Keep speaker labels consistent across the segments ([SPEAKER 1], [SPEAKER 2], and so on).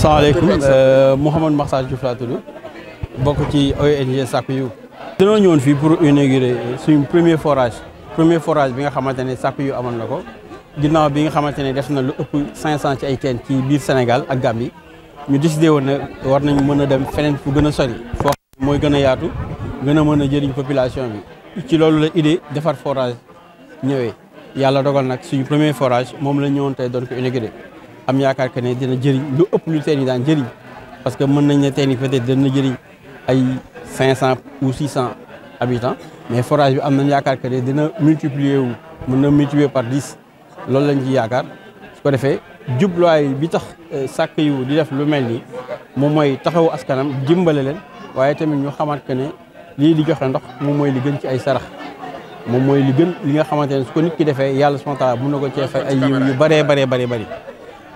[SPEAKER 1] salaamaaleykum euh, Mouhamadou Makhtar Diouf laa tudd bokk ci ONG Sakku Yiw dañoo ñëwoon fii pour inaugurer suñu premier forage premier forage bi nga xamante ne Sakku Yiw amoon na ko ginnaaw bi nga xamante ne def na lu ëpp 500 ci ay teen ci biir Sénégal ak Gambie ñu décidé woon ne war nañ mën a dem feneen fu gën a sori foo xam mooy gën a yaatu gën a mën a jëriñ population bi ci loolu la idée defar forage ñëwee yàlla dogal nag suñu premier forage moom la ñëwoon tey doon ko am yaakaar que ne dina jëriñ lu ëpp lu teen yi daan jëriñ parce que mën nañ ne teen yi peut-être dina jëriñ ay cinq cent ou six cent habitants mais forage bi am nañ yaakaar que ne dina multiplier wu mën na multiplier par dix loolu lañ ci yaakaar su ko defee jubluwaay bi tax euh, sàkk yu di def lu mel nii moom mooy taxawu askanam dimbale leen waaye tamit ñu xamante que ne lii di joxe ndox moom mooy li gën ci ay sarax moom mooy li gën li nga xamante ne su ko nit ki defee yàlla subhaanahu wa na ko cee ay yiw yu bëree baree bëri bëri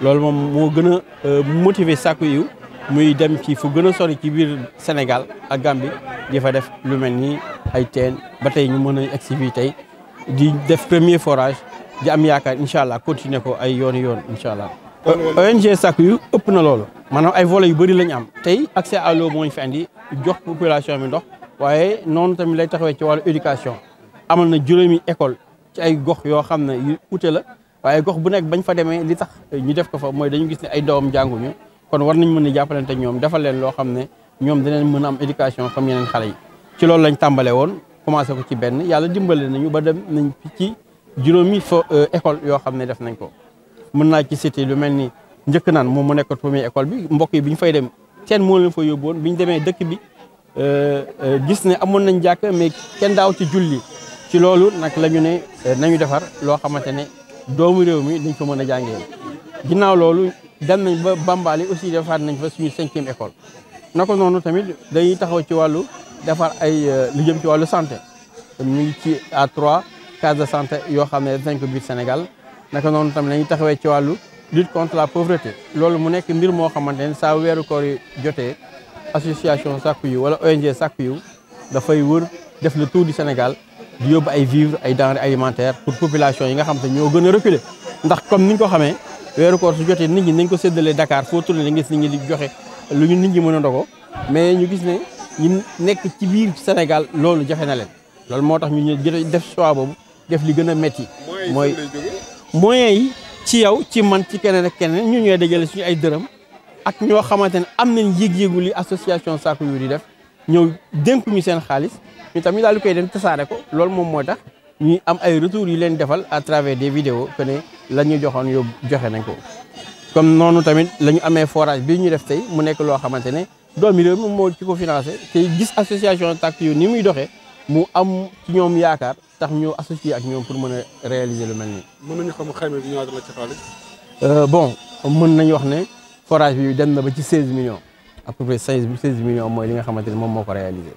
[SPEAKER 1] loolu moom moo gën a euh, motiver sàkku yiw muy dem ci fu gën a sori ci biir Sénégal ak gambi di fa def lu mel ni ay teen ba tey ñu mën a egsi fii tey di def premier forage di am yaakaar incha allah continuer ko ay yooni yoon incha allah. ONG sàkku yu ëpp na loolu. maanaam ay volets yu bëri la am tey accès à l'eau moo ñu jox population bi ndox waaye noonu tamit lay taxawee ci wàllu éducation amal na juróomi école ci ay gox yoo xam ne yu la. waaye gox bu nekk bañ fa demee li tax ñu def ko fa mooy dañu gis ne ay doom jànguñu kon war nañ mën ni jàppalante ñoom defal leen loo xam ne ñoom dinañ mën am éducation comme yeneen xale yi ci loolu lañ tàmbale woon commencé ko ci benn yàlla dimbale nañu ba dem nañ ci juróomi fa euh, école yoo xam ne def nañ ko mën naa ci cité lu mel ni njëkk naan moom mu nekkoon première école bi mbokk yi bi ñu fay dem kenn moo leen fa yóbbu woon ñu demee dëkk bi euh, euh, gis ne amoon nañ jàkk mais kenn daaw ci julli ci loolu nag la ñu ne nañu defar loo xamante ne doomu réew mi dañ ko mën a jàngee ginnaaw loolu dem nañ ba Bambali aussi defaat nañ fa suñu cinquième école na ko noonu tamit dañuy taxaw ci wàllu defar ay euh, lu jëm ci wàllu santé mu ngi ci à trois cases de santé yoo xam ne dañ ko biir Sénégal naka noonu tamit dañuy taxawee ci wàllu lutte contre la pauvreté loolu mu nekk mbir moo xamante ne saa weeru koor yi jotee association Sakku Yiw wala ONG Sakku dafay wër def le tout du Sénégal di yóbbu ay vivre ay denrées alimentaires pour population yi nga xam tane ñoo gëna reculer ndax comme niñ ko xamé weeru koor su joté nit ñi nañ ko séddalee Dakar foo tourné ngi gis nit ñi di joxe lu ñu nit ñi mëna a mais ñu gis né ñi nekk ci biir Sénégal loolu joxé na leen loolu motax ñu def choix bobu def li gëna metti moy moyen yi ci yow ci man ci kenen ak kenen ñu ñoy dajale suñu ay deureum ak ñoo xamante am nañ yeg yëgu li association Sakku Yiw di def ñew dénku ñu seen xaalis ñu tamit daal di koy dem tasaare ko loolu moom moo ñi am ay retours yu leen defal à travers des vidéos que ne la ñu joxoon yóbbu nañ ko. comme nonu tamit lañu amé forage bi ñu def tay mu nek lo xamante doomi rew mo ci ko financer tay gis association Takku yu ni muy doxé mu am ci ñom yaakar tax ñu associé ak ñom pour mën réaliser lu melni nii. ñu xam xayma bi ñu la ci euh bon mën nañ wax né forage bi dem na ba ci 16 millions à peu près 16 16 millions moy li nga xamante mom moko réaliser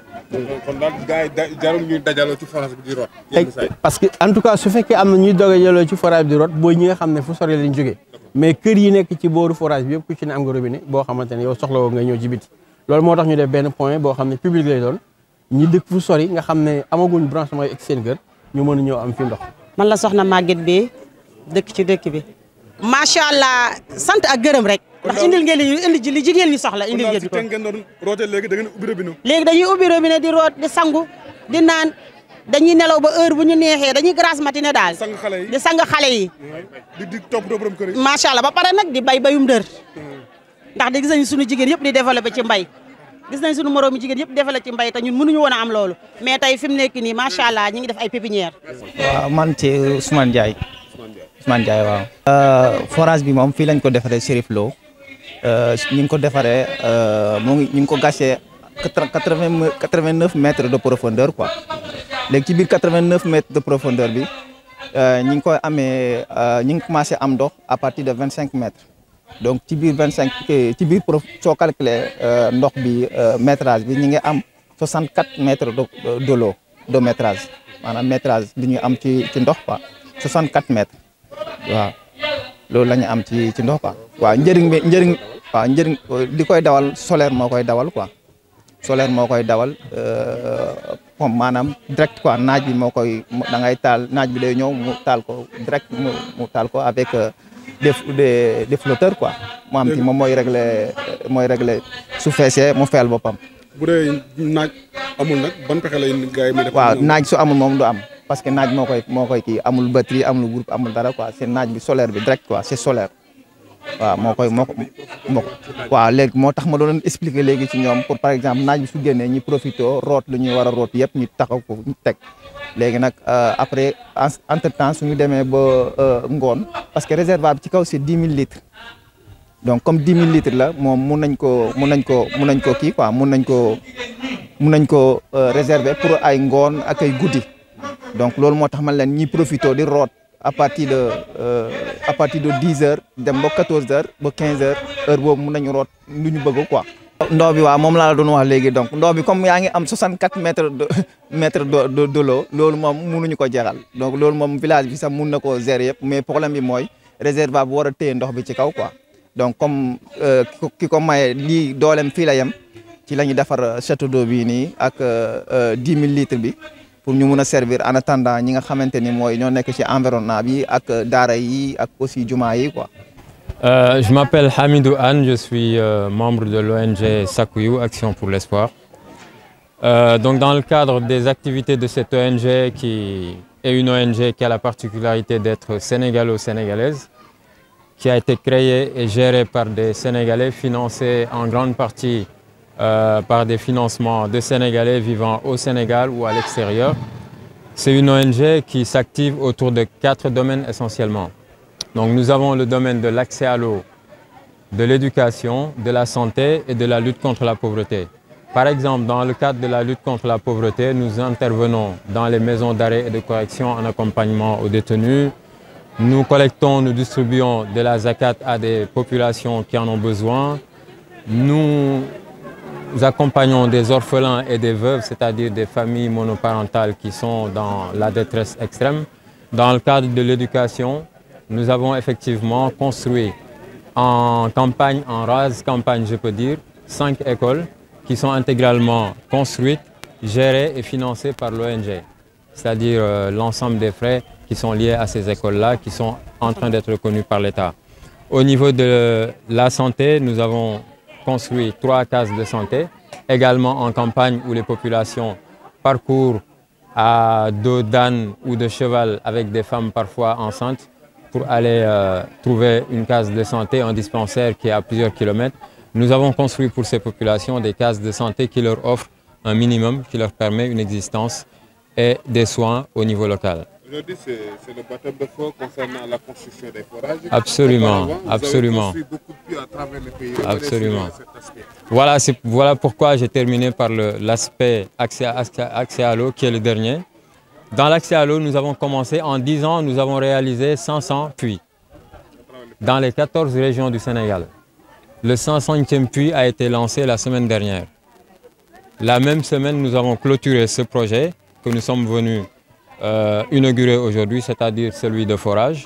[SPEAKER 1] kon daal gars yi jarul parce que en tout cas su fekkee am na ñuy dajaloo ci forage bi di rot booy ñi nga xam ne fu sore lañ jógee. mais kër yi nekk ci booru forage bi yëpp ku ne am nga robinet boo xamante ne yow soxla woo nga ñëw ci biti. loolu moo tax ñu def benn point boo xam ne public lay doon ñi dëkk fu sori nga xam ne amaguñ branchement yi ak seen kër ñu mën a ñëw am fi ndox. man la soxna Maguette Beye dëkk ci dëkk bi. macha allah sant ak gërëm rek. ndax indil ngeen ñu indi ji li jigéen ñi soxla indil ngeen ko ngeen
[SPEAKER 2] doon roote léegi da ngeen ubbi robinet
[SPEAKER 1] léegi dañuy ubbi robinet di root di sangu di naan dañuy nelaw ba heure bu ñu neexee dañuy grasse matinée daal sang xale yi di sang xale yi di di toppatoo borom kër yi macha allah ba pare nag di bay bayum dër hmm. ndax di gis nañ suñu jigéen yëpp di développé ci mbay gis nañ suñu moroomi jigéen yëpp defal ci mbay te ñun mënuñu woon a am loolu mais tey fi mu nekk nii macha allah ñu ngi def ay pépinière.
[SPEAKER 2] waaw man ci Ousmane Ndiaye. Ousmane Ndiaye waaw. Euh, forage bi moom fii lañ ko defaree Chérif Lo Eh, ñing ko défaré euh mo ngi ñing ko gassé 89 mètres de profondeur quoi légui ci bir 89 mètres de profondeur bi euh ñing ko amé euh ñing commencé am dox à partir de 25 mètres donc ci bir 25 ci bir prof so calculer euh ndox bi euh, métrage bi ñi am 64 mètres de de l'eau de métrage manam métrage bi ñu am ci ci ndox quoi 64 mètres waaw loolu lañu am ci ci ndox quoi wa njëriñ njëriñ waaw njëriñ li koy dawal solaire moo koy dawal quoi solaire moo koy dawal euh, pompe maanaam direct quoi naaj bi moo koy da ngay taal naaj bi day ñëw mu taal ko direct mu taal ko avec euh, des des des flotteurs quoi. mu am ci moom mooy régler mooy régler su feesee mu feel boppam.
[SPEAKER 1] bu dee naaj amul nag ban pexe lay
[SPEAKER 2] gars yi may def. waaw naaj su amul moom du am parce que naaj moo koy moo kii amul batterie amul groupe amul dara quoi c'est naaj bi solaire bi direct quoi c'est solaire. waaw moo koy moo ko moo waaw léegi moo tax ma doon expliquer léegi ci ñoom pour par exemple naaj bi su génnee ñi profité root la ñuy war a root yëpp ñu taxaw ko ñu teg léegi nag euh, après entre temps suñu demee ba euh, ngoon parce que réservoir bi ci kaw c'est dix mille litres donc comme dix mille litres la moom mun nañ ko mun nañ ko mun nañ ko kii quoi mun nañ ko mun nañ ko euh, réserver pour ay ngoon ak ay guddi donc loolu moo tax man leen ñi profité di root à partir de euh, à partir de dix heures dem ba quatorze heures ba quinze heures heure boobu mun nañu root lu ñu bëgg quoi. ndox bi waa moom laa la doon wax léegi donc ndox bi comme yaa ngi am 64 mètres de mètres de de l'eau loolu moom mënuñu ko jeexal donc loolu moom village bi sax mun na ko gérer yëpp mais problème bi mooy réservoir bu war a téye ndox bi ci kaw quoi donc comme euh, ki ko maye lii dooleem fii la yem ci la ñu defar château do bii nii ak 10 euh, 000 litres bi. pour nous servir en attendant nous avons
[SPEAKER 3] euh, je m'appelle Hamidou Anne, je suis euh, membre de l'ONG Sakuyu, Action pour l'Espoir. Euh, dans le cadre des activités de cette ONG, qui est une ONG qui a la particularité d'être sénégalo-sénégalaise, qui a été créée et gérée par des Sénégalais, financés en grande partie euh, par des financements de Sénégalais vivant au Sénégal ou à l'extérieur. C'est une ONG qui s'active autour de quatre domaines essentiellement. Donc nous avons le domaine de l'accès à l'eau, de l'éducation, de la santé et de la lutte contre la pauvreté. Par exemple, dans le cadre de la lutte contre la pauvreté, nous intervenons dans les maisons d'arrêt et de correction en accompagnement aux détenus. Nous collectons, nous distribuons de la zakat à des populations qui en ont besoin. Nous nous accompagnons des orphelins et des veuves, c'est-à-dire des familles monoparentales qui sont dans la détresse extrême. Dans le cadre de l'éducation, nous avons effectivement construit en campagne, en rase campagne, je peux dire, cinq écoles qui sont intégralement construites, gérées et financées par l'ONG, c'est-à-dire euh, l'ensemble des frais qui sont liés à ces écoles-là, qui sont en train d'être reconnues par l'État. Au niveau de la santé, nous avons construit trois cases de santé, également en campagne où les populations parcourent à dos d'âne ou de cheval avec des femmes parfois enceintes pour aller euh, trouver une case de santé, un dispensaire qui est à plusieurs kilomètres. Nous avons construit pour ces populations des cases de santé qui leur offrent un minimum, qui leur permet une existence et des soins au niveau local.
[SPEAKER 1] Aujourd'hui, c'est le bateau de feu concernant
[SPEAKER 2] la construction des forages. Absolument, absolument. beaucoup à travers le pays. Absolument.
[SPEAKER 3] Voilà, voilà pourquoi j'ai terminé par l'aspect accès, à l'eau, qui est le dernier. Dans l'accès à l'eau, nous avons commencé, en 10 ans, nous avons réalisé 500 puits dans les 14 régions du Sénégal. Le 105 e puits a été lancé la semaine dernière. La même semaine, nous avons clôturé ce projet que nous sommes venus euh, inauguré aujourd'hui, c'est-à-dire celui de forage.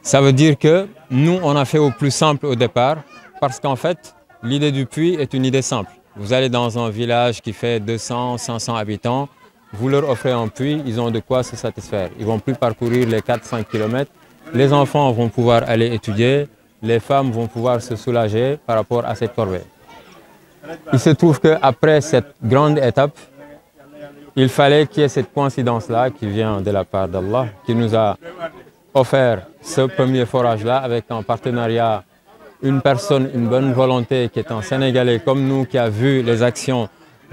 [SPEAKER 3] Ça veut dire que nous, on a fait au plus simple au départ, parce qu'en fait, l'idée du puits est une idée simple. Vous allez dans un village qui fait 200, 500 habitants, vous leur offrez un puits, ils ont de quoi se satisfaire. Ils vont plus parcourir les 400 km. Les enfants vont pouvoir aller étudier, les femmes vont pouvoir se soulager par rapport à cette corvée. Il se trouve qu'après cette grande étape, il fallait qu'il y ait cette coïncidence-là qui vient de la part d'Allah, qui nous a offert ce premier forage-là avec un partenariat une personne, une bonne volonté qui est un Sénégalais comme nous, qui a vu les actions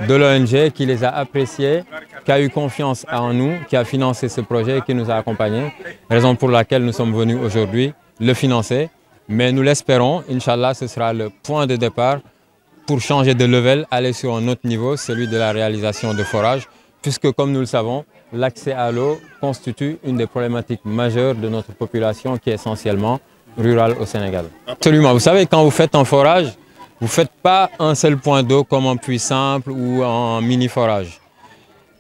[SPEAKER 3] de l'ONG, qui les a appréciées, qui a eu confiance en nous, qui a financé ce projet, qui nous a accompagnés, raison pour laquelle nous sommes venus aujourd'hui le financer. Mais nous l'espérons, Inch'Allah, ce sera le point de départ pour changer de level, aller sur un autre niveau, celui de la réalisation de forages puisque comme nous le savons, l'accès à l'eau constitue une des problématiques majeures de notre population qui est essentiellement rurale au Sénégal. Absolument. Vous savez, quand vous faites un forage, vous ne faites pas un seul point d'eau comme en puits simple ou en mini-forage.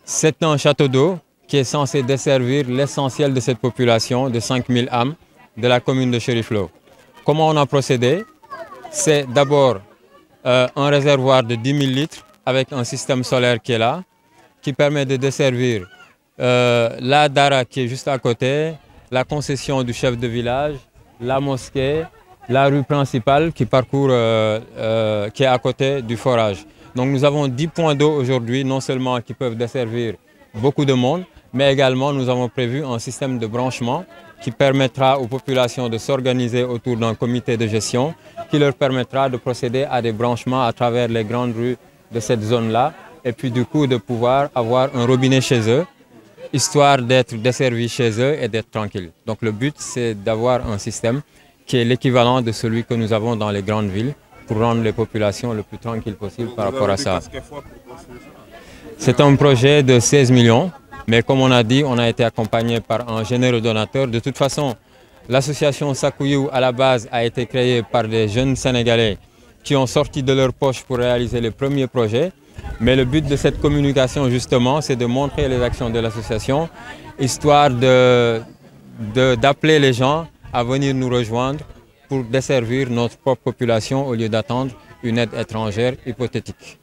[SPEAKER 3] C'est un château d'eau qui est censé desservir l'essentiel de cette population de 5000 âmes de la commune de Chériflo. Comment on a procédé C'est d'abord euh, un réservoir de 10 000 litres avec un système solaire qui est là, qui permet de desservir euh, la Dara qui est juste à côté, la concession du chef de village, la mosquée, la rue principale qui parcourt, euh, euh, qui est à côté du forage. Donc nous avons 10 points d'eau aujourd'hui, non seulement qui peuvent desservir beaucoup de monde, mais également nous avons prévu un système de branchement qui permettra aux populations de s'organiser autour d'un comité de gestion qui leur permettra de procéder à des branchements à travers les grandes rues de cette zone-là et puis du coup de pouvoir avoir un robinet chez eux, histoire d'être desservi chez eux et d'être tranquille. Donc le but, c'est d'avoir un système qui est l'équivalent de celui que nous avons dans les grandes villes pour rendre les populations le plus tranquilles possible par rapport à ça. C'est un projet de 16 millions, mais comme on a dit, on a été accompagné par un généreux donateur. De toute façon, l'association Sakuyu à la base a été créée par des jeunes Sénégalais qui ont sorti de leur poche pour réaliser les premiers projets. Mais le but de cette communication, justement, c'est de montrer les actions de l'association, histoire d'appeler de, d'appeler les gens à venir nous rejoindre pour desservir notre propre population au lieu d'attendre une aide étrangère hypothétique.